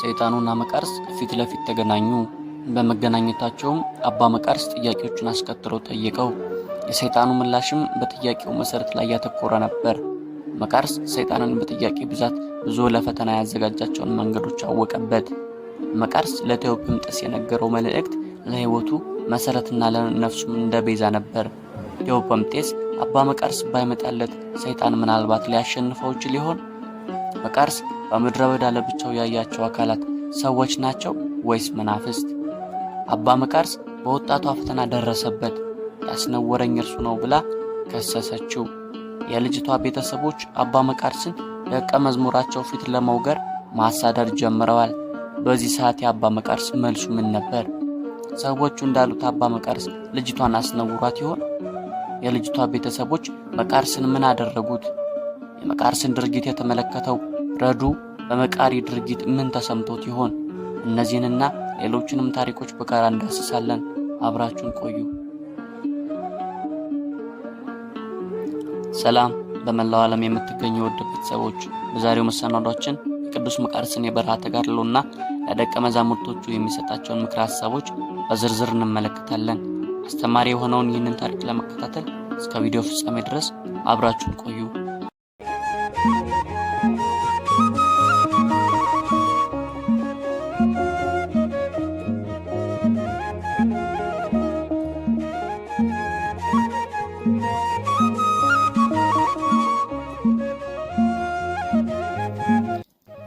ሰይጣኑና መቃርስ ፊት ለፊት ተገናኙ። በመገናኘታቸውም አባ መቃርስ ጥያቄዎችን አስከትሎ ጠየቀው። የሰይጣኑ ምላሽም በጥያቄው መሰረት ላይ ያተኮረ ነበር። መቃርስ ሰይጣንን በጥያቄ ብዛት ብዙ ለፈተና ያዘጋጃቸውን መንገዶች አወቀበት። መቃርስ ለቴዎፕምጥስ የነገረው መልእክት ለህይወቱ መሰረትና ለነፍሱም እንደ ቤዛ ነበር። ቴዎፕምጤስ አባ መቃርስ ባይመጣለት ሰይጣን ምናልባት ሊያሸንፈው ይችል ይሆን? መቃርስ በምድረ በዳ ለብቻው ያያቸው አካላት ሰዎች ናቸው ወይስ መናፍስት? አባ መቃርስ በወጣቷ ፈተና ደረሰበት። ያስነወረኝ እርሱ ነው ብላ ከሰሰችው። የልጅቷ ቤተሰቦች አባ መቃርስን ደቀ መዝሙራቸው ፊት ለመውገር ማሳደር ጀምረዋል። በዚህ ሰዓት የአባ መቃርስ መልሱ ምን ነበር? ሰዎቹ እንዳሉት አባ መቃርስ ልጅቷን አስነውሯት ይሆን? የልጅቷ ቤተሰቦች መቃርስን ምን አደረጉት? የመቃርስን ድርጊት የተመለከተው ረዱ በመቃሪ ድርጊት ምን ተሰምቶት ይሆን? እነዚህንና ሌሎችንም ታሪኮች በጋራ እንዳስሳለን። አብራችሁን ቆዩ። ሰላም በመላው ዓለም የምትገኙ የውድ ቤተሰቦች፣ በዛሬው መሰናዷችን የቅዱስ መቃርስን የበረሃ ተጋድሎና ለደቀ መዛሙርቶቹ የሚሰጣቸውን ምክረ ሀሳቦች በዝርዝር እንመለከታለን። አስተማሪ የሆነውን ይህንን ታሪክ ለመከታተል እስከ ቪዲዮ ፍጻሜ ድረስ አብራችሁን ቆዩ።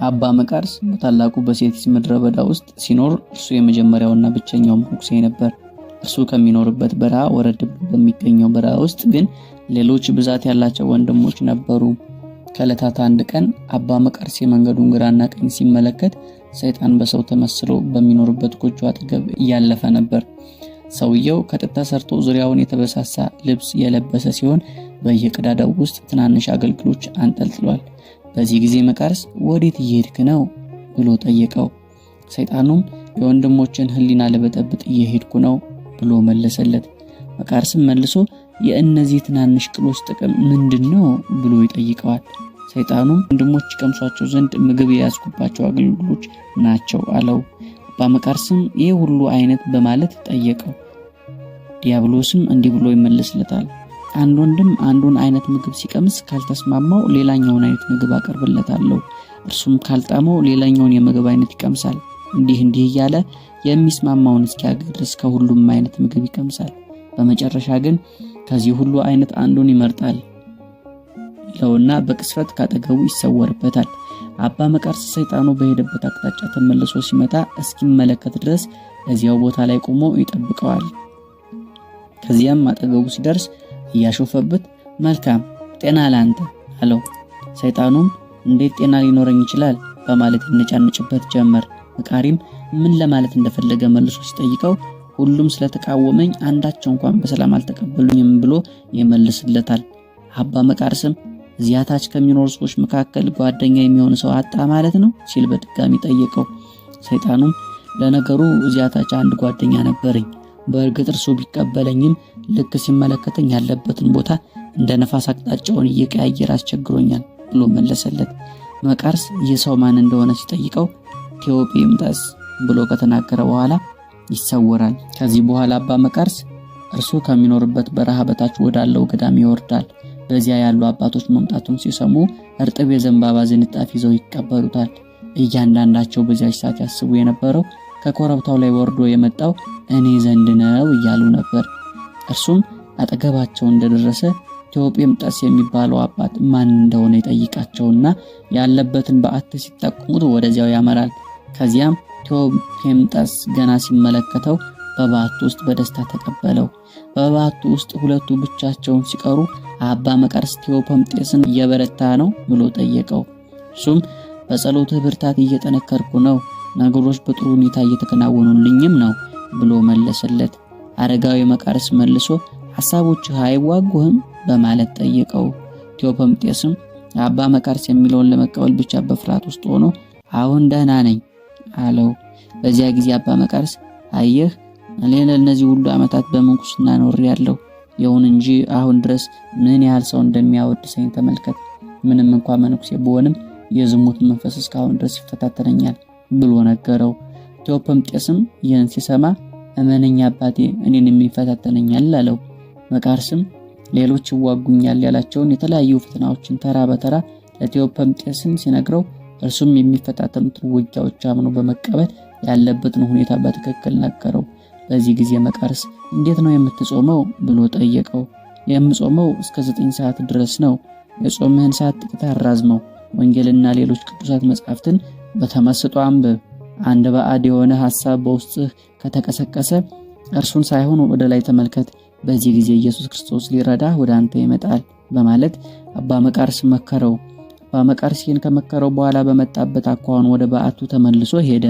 አባ መቃርስ በታላቁ በሴት ምድረ በዳ ውስጥ ሲኖር እርሱ የመጀመሪያውና ብቸኛው መነኩሴ ነበር። እርሱ ከሚኖርበት በረሃ ወረድ በሚገኘው በረሃ ውስጥ ግን ሌሎች ብዛት ያላቸው ወንድሞች ነበሩ። ከለታታ አንድ ቀን አባ መቃርሴ መንገዱን ግራና ቀኝ ሲመለከት ሰይጣን በሰው ተመስሎ በሚኖርበት ጎጆ አጠገብ እያለፈ ነበር። ሰውየው ከጥጥ ተሰርቶ ዙሪያውን የተበሳሳ ልብስ የለበሰ ሲሆን በየቅዳዳው ውስጥ ትናንሽ አገልግሎች አንጠልጥሏል። በዚህ ጊዜ መቃርስ ወዴት እየሄድክ ነው ብሎ ጠየቀው። ሰይጣኑም የወንድሞችን ሕሊና ለበጠብጥ እየሄድኩ ነው ብሎ መለሰለት። መቃርስም መልሶ የእነዚህ ትናንሽ ቅሎች ጥቅም ምንድን ነው ብሎ ይጠይቀዋል። ሰይጣኑም ወንድሞች ቀምሷቸው ዘንድ ምግብ የያዝኩባቸው አገልግሎች ናቸው አለው። አባ መቃርስም ይህ ሁሉ አይነት በማለት ጠየቀው። ዲያብሎስም እንዲህ ብሎ ይመለስለታል አንድ ወንድም አንዱን አይነት ምግብ ሲቀምስ ካልተስማማው ሌላኛውን አይነት ምግብ አቀርብለታለሁ። እርሱም ካልጣመው ሌላኛውን የምግብ አይነት ይቀምሳል። እንዲህ እንዲህ እያለ የሚስማማውን እስኪያገኝ ድረስ ከሁሉም አይነት ምግብ ይቀምሳል። በመጨረሻ ግን ከዚህ ሁሉ አይነት አንዱን ይመርጣል ይለውና በቅስፈት ካጠገቡ ይሰወርበታል። አባ መቃርስ ሰይጣኑ በሄደበት አቅጣጫ ተመልሶ ሲመጣ እስኪመለከት ድረስ እዚያው ቦታ ላይ ቆሞ ይጠብቀዋል። ከዚያም አጠገቡ ሲደርስ እያሾፈበት መልካም ጤና ላንተ አለው። ሰይጣኑም እንዴት ጤና ሊኖረኝ ይችላል በማለት ይነጫነጭበት ጀመር። መቃሪም ምን ለማለት እንደፈለገ መልሶ ሲጠይቀው ሁሉም ስለተቃወመኝ አንዳቸው እንኳን በሰላም አልተቀበሉኝም ብሎ ይመልስለታል። አባ መቃርስም እዚያ ታች ከሚኖሩ ሰዎች መካከል ጓደኛ የሚሆን ሰው አጣ ማለት ነው ሲል በድጋሚ ጠየቀው። ሰይጣኑም ለነገሩ እዚያ ታች አንድ ጓደኛ ነበረኝ። በእርግጥ እርሱ ቢቀበለኝም ልክ ሲመለከተኝ ያለበትን ቦታ እንደ ነፋስ አቅጣጫውን እየቀያየር አስቸግሮኛል ብሎ መለሰለት። መቃርስ ይህ ሰው ማን እንደሆነ ሲጠይቀው ቴዎጴምጠስ ብሎ ከተናገረ በኋላ ይሰወራል። ከዚህ በኋላ አባ መቃርስ እርሱ ከሚኖርበት በረሃ በታች ወዳለው ገዳም ይወርዳል። በዚያ ያሉ አባቶች መምጣቱን ሲሰሙ እርጥብ የዘንባባ ዝንጣፍ ይዘው ይቀበሉታል። እያንዳንዳቸው በዚያች ሰዓት ያስቡ የነበረው ከኮረብታው ላይ ወርዶ የመጣው እኔ ዘንድ ነው እያሉ ነበር። እርሱም አጠገባቸው እንደደረሰ ቴዎጴምጠስ የሚባለው አባት ማን እንደሆነ ይጠይቃቸውና ያለበትን በዓት ሲጠቁሙት ወደዚያው ያመራል። ከዚያም ቴዎፔምጠስ ገና ሲመለከተው በባቱ ውስጥ በደስታ ተቀበለው። በባቱ ውስጥ ሁለቱ ብቻቸውን ሲቀሩ አባ መቃርስ ቴዎፐምጤስን እየበረታ ነው ብሎ ጠየቀው። እሱም በጸሎትህ ብርታት እየጠነከርኩ ነው፣ ነገሮች በጥሩ ሁኔታ እየተከናወኑልኝም ነው ብሎ መለሰለት። አረጋዊ መቃርስ መልሶ ሀሳቦች አይዋጉህም በማለት ጠየቀው። ቴዎፐምጤስም አባ መቃርስ የሚለውን ለመቀበል ብቻ በፍርሃት ውስጥ ሆኖ አሁን ደህና ነኝ አለው። በዚያ ጊዜ አባ መቃርስ አየህ እኔ እነዚህ ሁሉ ዓመታት በምንኩስና ኖር ያለው ይሁን እንጂ አሁን ድረስ ምን ያህል ሰው እንደሚያወድሰኝ ተመልከት። ምንም እንኳ መነኩሴ ብሆንም የዝሙት መንፈስ እስካሁን ድረስ ይፈታተነኛል ብሎ ነገረው። ቴዎፐምጤስም ይህን ሲሰማ እመነኛ አባቴ እኔን የሚፈታተነኛል አለው። መቃርስም ሌሎች ይዋጉኛል ያላቸውን የተለያዩ ፈተናዎችን ተራ በተራ ለቴዎፐምጤስን ሲነግረው እርሱም የሚፈታተኑትን ውጊያዎች አምኖ በመቀበል ያለበትን ሁኔታ በትክክል ነገረው። በዚህ ጊዜ መቃርስ እንዴት ነው የምትጾመው ብሎ ጠየቀው። የምጾመው እስከ ዘጠኝ ሰዓት ድረስ ነው። የጾምህን ሰዓት ጥቂት አራዝመው፣ ወንጌልና ሌሎች ቅዱሳት መጻሕፍትን በተመስጦ አንብብ። አንድ ባዕድ የሆነ ሐሳብ በውስጥህ ከተቀሰቀሰ እርሱን ሳይሆን ወደ ላይ ተመልከት። በዚህ ጊዜ ኢየሱስ ክርስቶስ ሊረዳህ ወደ አንተ ይመጣል በማለት አባ መቃርስ መከረው። አባ መቃርስን ከመከረው በኋላ በመጣበት አኳኋን ወደ በዓቱ ተመልሶ ሄደ።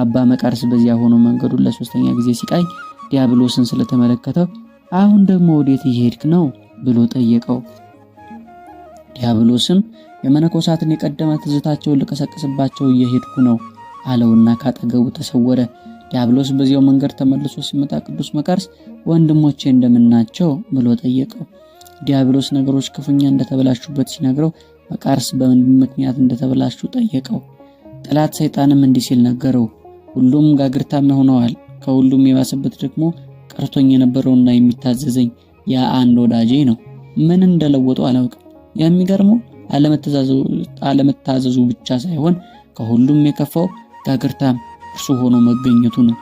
አባ መቃርስ በዚያ ሆኖ መንገዱን ለሶስተኛ ጊዜ ሲቃኝ ዲያብሎስን ስለተመለከተው አሁን ደግሞ ወዴት እየሄድክ ነው ብሎ ጠየቀው። ዲያብሎስም የመነኮሳትን የቀደመ ትዝታቸውን ልቀሰቅስባቸው እየሄድኩ ነው አለውና ካጠገቡ ተሰወረ። ዲያብሎስ በዚያው መንገድ ተመልሶ ሲመጣ ቅዱስ መቃርስ ወንድሞቼ እንደምናቸው ብሎ ጠየቀው። ዲያብሎስ ነገሮች ክፉኛ እንደተበላሹበት ሲነግረው መቃርስ በምን ምክንያት እንደተበላሹ ጠየቀው። ጠላት ሰይጣንም እንዲህ ሲል ነገረው፣ ሁሉም ጋግርታም ሆነዋል። ከሁሉም የባሰበት ደግሞ ቀርቶኝ የነበረውና የሚታዘዘኝ ያ አንድ ወዳጄ ነው። ምን እንደለወጡ አላውቅም። የሚገርመው አለመታዘዙ ብቻ ሳይሆን ከሁሉም የከፋው ጋግርታም እርሱ ሆኖ መገኘቱ ነው።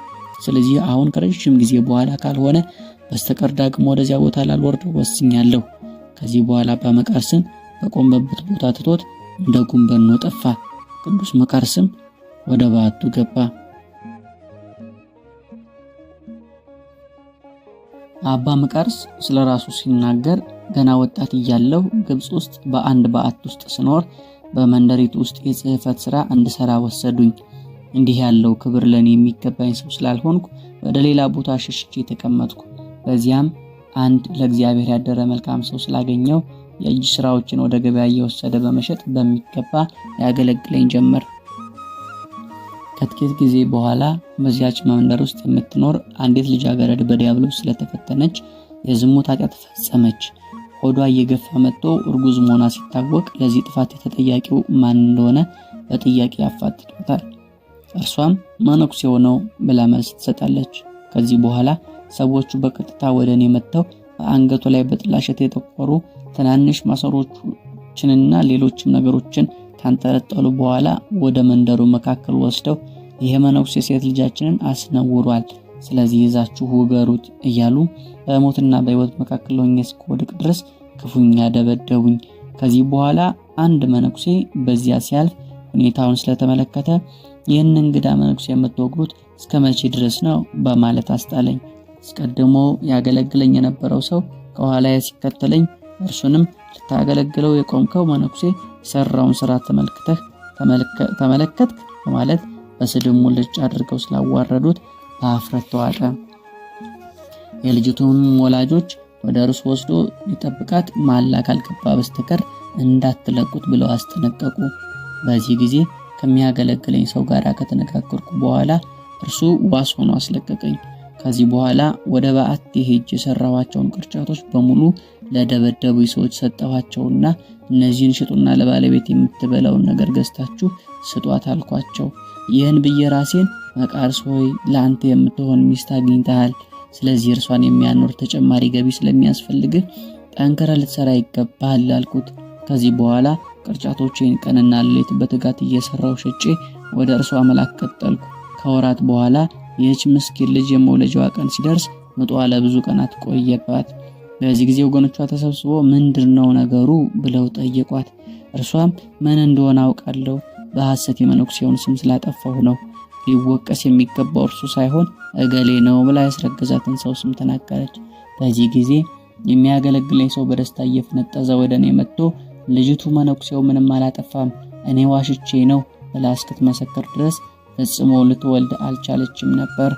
ስለዚህ አሁን ከረጅም ጊዜ በኋላ ካልሆነ በስተቀር ዳግም ወደዚያ ቦታ ላልወርድ ወስኛለሁ። ከዚህ በኋላ አባ መቃርስን በቆመበት ቦታ ትቶት እንደ ጉንበኖ ጠፋ። ቅዱስ መቃርስም ወደ በዓቱ ገባ። አባ መቃርስ ስለ ራሱ ሲናገር ገና ወጣት እያለሁ ግብፅ ውስጥ በአንድ በዓት ውስጥ ስኖር በመንደሪቱ ውስጥ የጽህፈት ስራ እንድሰራ ወሰዱኝ። እንዲህ ያለው ክብር ለኔ የሚገባኝ ሰው ስላልሆንኩ ወደ ሌላ ቦታ ሽሽቼ ተቀመጥኩ። በዚያም አንድ ለእግዚአብሔር ያደረ መልካም ሰው ስላገኘው የእጅ ስራዎችን ወደ ገበያ እየወሰደ በመሸጥ በሚገባ ያገለግለኝ ጀመር። ከጥቂት ጊዜ በኋላ በዚያች መንደር ውስጥ የምትኖር አንዲት ልጃገረድ በዲያብሎስ ስለተፈተነች የዝሙት ኃጢአት ፈጸመች። ሆዷ እየገፋ መጥቶ እርጉዝ መሆኗ ሲታወቅ ለዚህ ጥፋት የተጠያቂው ማን እንደሆነ በጥያቄ ያፋጥጡታል። እርሷም መነኩስ የሆነው ብላ መልስ ትሰጣለች። ከዚህ በኋላ ሰዎቹ በቀጥታ ወደ እኔ መጥተው በአንገቱ ላይ በጥላሸት የጠቆሩ ትናንሽ ማሰሮችንና ሌሎችም ነገሮችን ካንጠለጠሉ በኋላ ወደ መንደሩ መካከል ወስደው ይሄ መነኩሴ ሴት ልጃችንን አስነውሯል፣ ስለዚህ ይዛችሁ ውገሩት እያሉ በሞትና በሕይወት መካከል ሆኜ እስክወድቅ ድረስ ክፉኛ ደበደቡኝ። ከዚህ በኋላ አንድ መነኩሴ በዚያ ሲያልፍ ሁኔታውን ስለተመለከተ ይህን እንግዳ መነኩሴ የምትወግሩት እስከ መቼ ድረስ ነው በማለት አስጣለኝ። አስቀድሞ ያገለግለኝ የነበረው ሰው ከኋላ ሲከተለኝ እርሱንም ልታገለግለው የቆምከው መነኩሴ የሰራውን ስራ ተመልክተህ ተመለከትክ በማለት በስድብ ሙልጭ አድርገው ስላዋረዱት በአፍረት ተዋጠ። የልጅቱን ወላጆች ወደ እርሱ ወስዶ ሊጠብቃት ማላ ካልገባ በስተቀር እንዳትለቁት ብለው አስጠነቀቁ። በዚህ ጊዜ ከሚያገለግለኝ ሰው ጋር ከተነጋገርኩ በኋላ እርሱ ዋስ ሆኖ አስለቀቀኝ። ከዚህ በኋላ ወደ በዓቴ ሄጄ የሰራኋቸውን ቅርጫቶች በሙሉ ለደበደቡ ሰዎች ሰጠኋቸውና እነዚህን ሽጡና ለባለቤት የምትበላውን ነገር ገዝታችሁ ስጧት አልኳቸው። ይህን ብዬ ራሴን መቃርስ ሆይ ለአንተ የምትሆን ሚስት አግኝተሃል። ስለዚህ እርሷን የሚያኖር ተጨማሪ ገቢ ስለሚያስፈልግህ ጠንክረህ ልትሰራ ይገባሃል አልኩት። ከዚህ በኋላ ቅርጫቶቼን ቀንና ሌት በትጋት እየሰራው ሸጬ ወደ እርሷ መላክ ቀጠልኩ። ከወራት በኋላ ይህች ምስኪን ልጅ የመውለጃዋ ቀን ሲደርስ ምጧ ለብዙ ቀናት ቆየባት። በዚህ ጊዜ ወገኖቿ ተሰብስቦ ምንድን ነው ነገሩ ብለው ጠየቋት። እርሷም ምን እንደሆነ አውቃለሁ፣ በሐሰት የመነኩሴውን ስም ስላጠፋሁ ነው። ሊወቀስ የሚገባው እርሱ ሳይሆን እገሌ ነው ብላ ያስረገዛትን ሰው ስም ተናገረች። በዚህ ጊዜ የሚያገለግለኝ ሰው በደስታ እየፈነጠዘ ወደ እኔ መጥቶ ልጅቱ መነኩሴው ምንም አላጠፋም፣ እኔ ዋሽቼ ነው ብላ እስክትመሰክር ድረስ ፈጽሞ ልትወልድ አልቻለችም ነበር።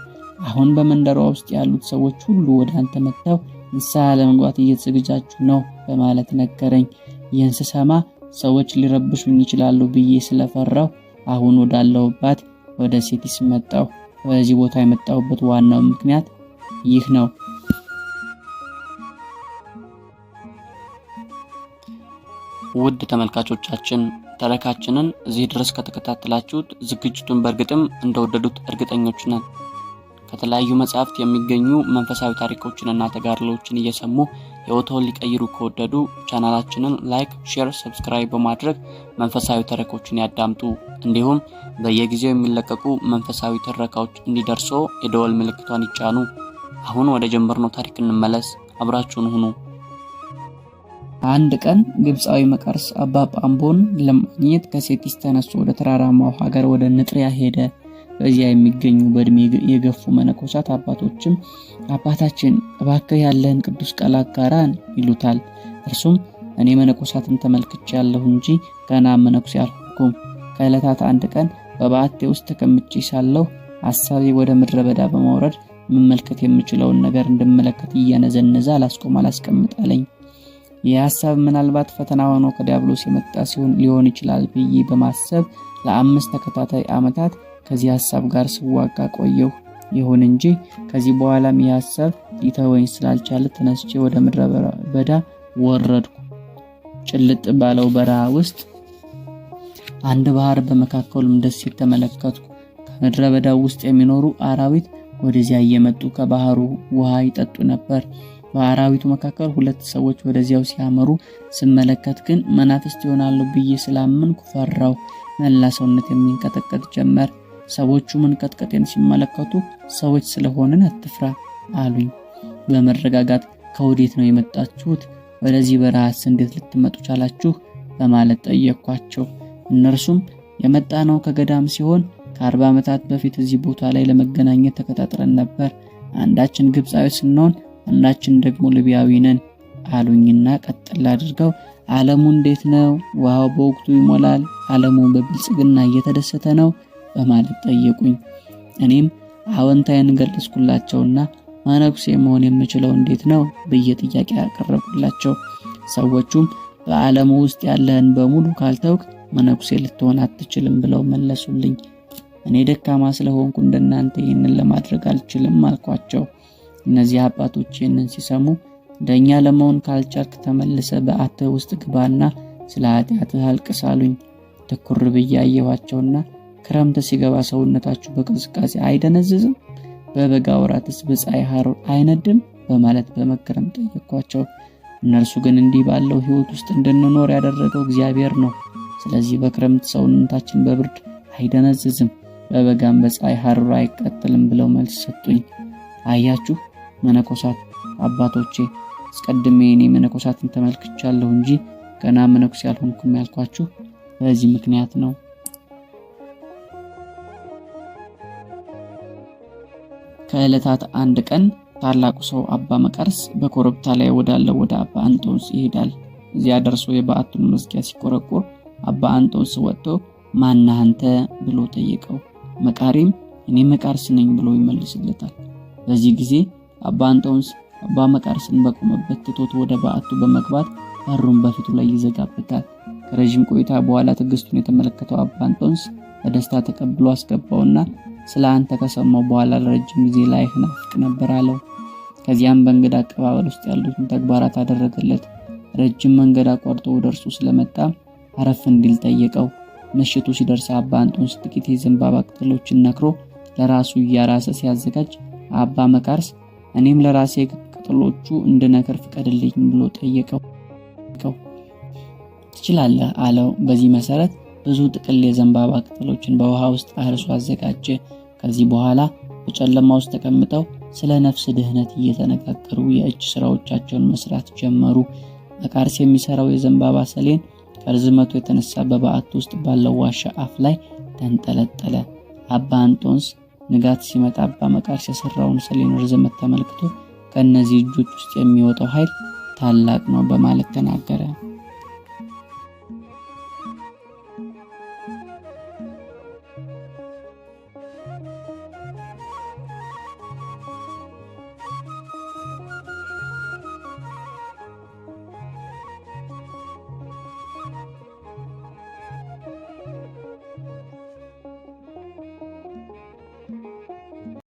አሁን በመንደሯ ውስጥ ያሉት ሰዎች ሁሉ ወደ አንተ መጥተው ንስሐ ለመግባት እየተዘገጃጁ ነው በማለት ነገረኝ። ይህን ስሰማ ሰዎች ሊረብሹኝ ይችላሉ ብዬ ስለፈራው አሁን ወዳለሁባት ወደ ሴቲስ መጣሁ። በዚህ ቦታ የመጣሁበት ዋናው ምክንያት ይህ ነው። ውድ ተመልካቾቻችን ተረካችንን እዚህ ድረስ ከተከታተላችሁት ዝግጅቱን በእርግጥም እንደወደዱት እርግጠኞች ነን። ከተለያዩ መጽሐፍት የሚገኙ መንፈሳዊ ታሪኮችንና ተጋድሎዎችን እየሰሙ ሕይወትዎን ሊቀይሩ ከወደዱ ቻናላችንን ላይክ፣ ሼር፣ ሰብስክራይብ በማድረግ መንፈሳዊ ተረኮችን ያዳምጡ። እንዲሁም በየጊዜው የሚለቀቁ መንፈሳዊ ትረካዎች እንዲደርሶ የደወል ምልክቷን ይጫኑ። አሁን ወደ ጀመርነው ታሪክ እንመለስ። አብራችሁን ሁኑ። አንድ ቀን ግብፃዊ መቃርስ አባ ጳምቦን ለማግኘት ከሴቲስ ተነሱ ወደ ተራራማው ሀገር ወደ ንጥሪያ ሄደ። በዚያ የሚገኙ በእድሜ የገፉ መነኮሳት አባቶችም አባታችን እባክህ ያለህን ቅዱስ ቃል አጋራን ይሉታል። እርሱም እኔ መነኮሳትን ተመልክቼ ያለሁ እንጂ ገና መነኩሴ አልሆንኩም። ከዕለታት አንድ ቀን በበዓቴ ውስጥ ተቀምጬ ሳለሁ ሀሳቤ ወደ ምድረ በዳ በማውረድ መመልከት የምችለውን ነገር እንድመለከት እያነዘነዘ አላስቆም አላስቀምጣለኝ። ይህ ሀሳብ ምናልባት ፈተና ሆኖ ከዲያብሎስ የመጣ ሲሆን ሊሆን ይችላል ብዬ በማሰብ ለአምስት ተከታታይ ዓመታት ከዚህ ሀሳብ ጋር ስዋጋ ቆየሁ። ይሁን እንጂ ከዚህ በኋላም ይህ ሀሳብ ሊተወኝ ስላልቻለ ተነስቼ ወደ ምድረ በዳ ወረድኩ። ጭልጥ ባለው በረሃ ውስጥ አንድ ባህር፣ በመካከሉም ደሴት ተመለከትኩ። ከምድረ በዳው ውስጥ የሚኖሩ አራዊት ወደዚያ እየመጡ ከባህሩ ውሃ ይጠጡ ነበር። በአራዊቱ መካከል ሁለት ሰዎች ወደዚያው ሲያመሩ ስመለከት ግን መናፍስት ይሆናሉ ብዬ ስላመንኩ ፈራው። መላ ሰውነት የሚንቀጠቀጥ ጀመር። ሰዎቹ መንቀጥቀጤን ሲመለከቱ ሰዎች ስለሆንን አትፍራ አሉኝ በመረጋጋት። ከወዴት ነው የመጣችሁት? ወደዚህ በረሃስ እንዴት ልትመጡ ቻላችሁ? በማለት ጠየኳቸው። እነርሱም የመጣ ነው ከገዳም ሲሆን ከአርባ ዓመታት በፊት እዚህ ቦታ ላይ ለመገናኘት ተቀጣጥረን ነበር። አንዳችን ግብፃዊ ስንሆን እናችን ደግሞ ልቢያዊ ነን አሉኝና ቀጥል አድርገው ዓለሙ እንዴት ነው? ውሃው በወቅቱ ይሞላል? ዓለሙ በብልጽግና እየተደሰተ ነው? በማለት ጠየቁኝ። እኔም አዎንታዬን ገለጽኩላቸውና መነኩሴ መሆን የምችለው እንዴት ነው ብዬ ጥያቄ ያቀረብኩላቸው። ሰዎቹም በዓለሙ ውስጥ ያለህን በሙሉ ካልተውክ መነኩሴ ልትሆን አትችልም ብለው መለሱልኝ። እኔ ደካማ ስለሆንኩ እንደናንተ ይህንን ለማድረግ አልችልም አልኳቸው። እነዚህ አባቶች ይህንን ሲሰሙ እንደኛ ለመሆን ካልቻልክ ተመልሰ በአተ ውስጥ ግባና ስለ ኃጢአትህ አልቅስ አሉኝ። ትኩር ብዬ ክረምት ሲገባ ሰውነታችሁ በቅዝቃዜ አይደነዝዝም? በበጋ ወራትስ በፀሐይ ሐሩር አይነድም? በማለት በመገረም ጠየኳቸው። እነርሱ ግን እንዲህ ባለው ሕይወት ውስጥ እንድንኖር ያደረገው እግዚአብሔር ነው። ስለዚህ በክረምት ሰውነታችን በብርድ አይደነዝዝም፣ በበጋም በፀሐይ ሐሩር አይቀጥልም ብለው መልስ ሰጡኝ። አያችሁ መነኮሳት አባቶቼ አስቀድሜ እኔ መነኮሳትን ተመልክቻለሁ እንጂ ገና መነኩሴ ያልሆንኩም ያልኳችሁ በዚህ ምክንያት ነው። ከዕለታት አንድ ቀን ታላቁ ሰው አባ መቃርስ በኮረብታ ላይ ወዳለው ወደ አባ አንጦንስ ይሄዳል። እዚያ ደርሶ የበዓቱን መዝጊያ ሲቆረቆር አባ አንጦንስ ወጥቶ ማነህ አንተ ብሎ ጠየቀው። መቃሪም እኔ መቃርስ ነኝ ብሎ ይመልስለታል። በዚህ ጊዜ አባ አንጦንስ አባ መቃርስን በቆመበት ትቶት ወደ በዓቱ በመግባት በሩን በፊቱ ላይ ይዘጋበታል። ከረዥም ቆይታ በኋላ ትዕግስቱን የተመለከተው አባ አንጦንስ በደስታ ተቀብሎ አስገባውና ስለ አንተ ከሰማው በኋላ ለረጅም ጊዜ ላይህ ናፍቅ ነበር አለው። ከዚያም በእንግዳ አቀባበል ውስጥ ያሉትን ተግባራት አደረገለት። ረጅም መንገድ አቋርጦ ወደ እርሱ ስለመጣ አረፍ እንዲል ጠየቀው። ምሽቱ ሲደርስ አባ አንጦንስ ጥቂት የዘንባባ ቅጠሎችን ነክሮ ለራሱ እያራሰ ሲያዘጋጅ አባ መቃርስ እኔም ለራሴ ቅጠሎቹ እንድነክር ፍቀድልኝ ብሎ ጠየቀው። ትችላለህ አለው። በዚህ መሰረት ብዙ ጥቅል የዘንባባ ቅጠሎችን በውሃ ውስጥ አርሶ አዘጋጀ። ከዚህ በኋላ በጨለማ ውስጥ ተቀምጠው ስለ ነፍስ ድህነት እየተነጋገሩ የእጅ ስራዎቻቸውን መስራት ጀመሩ። በቃርስ የሚሰራው የዘንባባ ሰሌን ከርዝመቱ የተነሳ በበዓት ውስጥ ባለው ዋሻ አፍ ላይ ተንጠለጠለ። አባ አንጦንስ ንጋት ሲመጣ አባ መቃርስ የሰራውን ሰሌን ርዝመት ተመልክቶ ከእነዚህ እጆች ውስጥ የሚወጣው ኃይል ታላቅ ነው በማለት ተናገረ።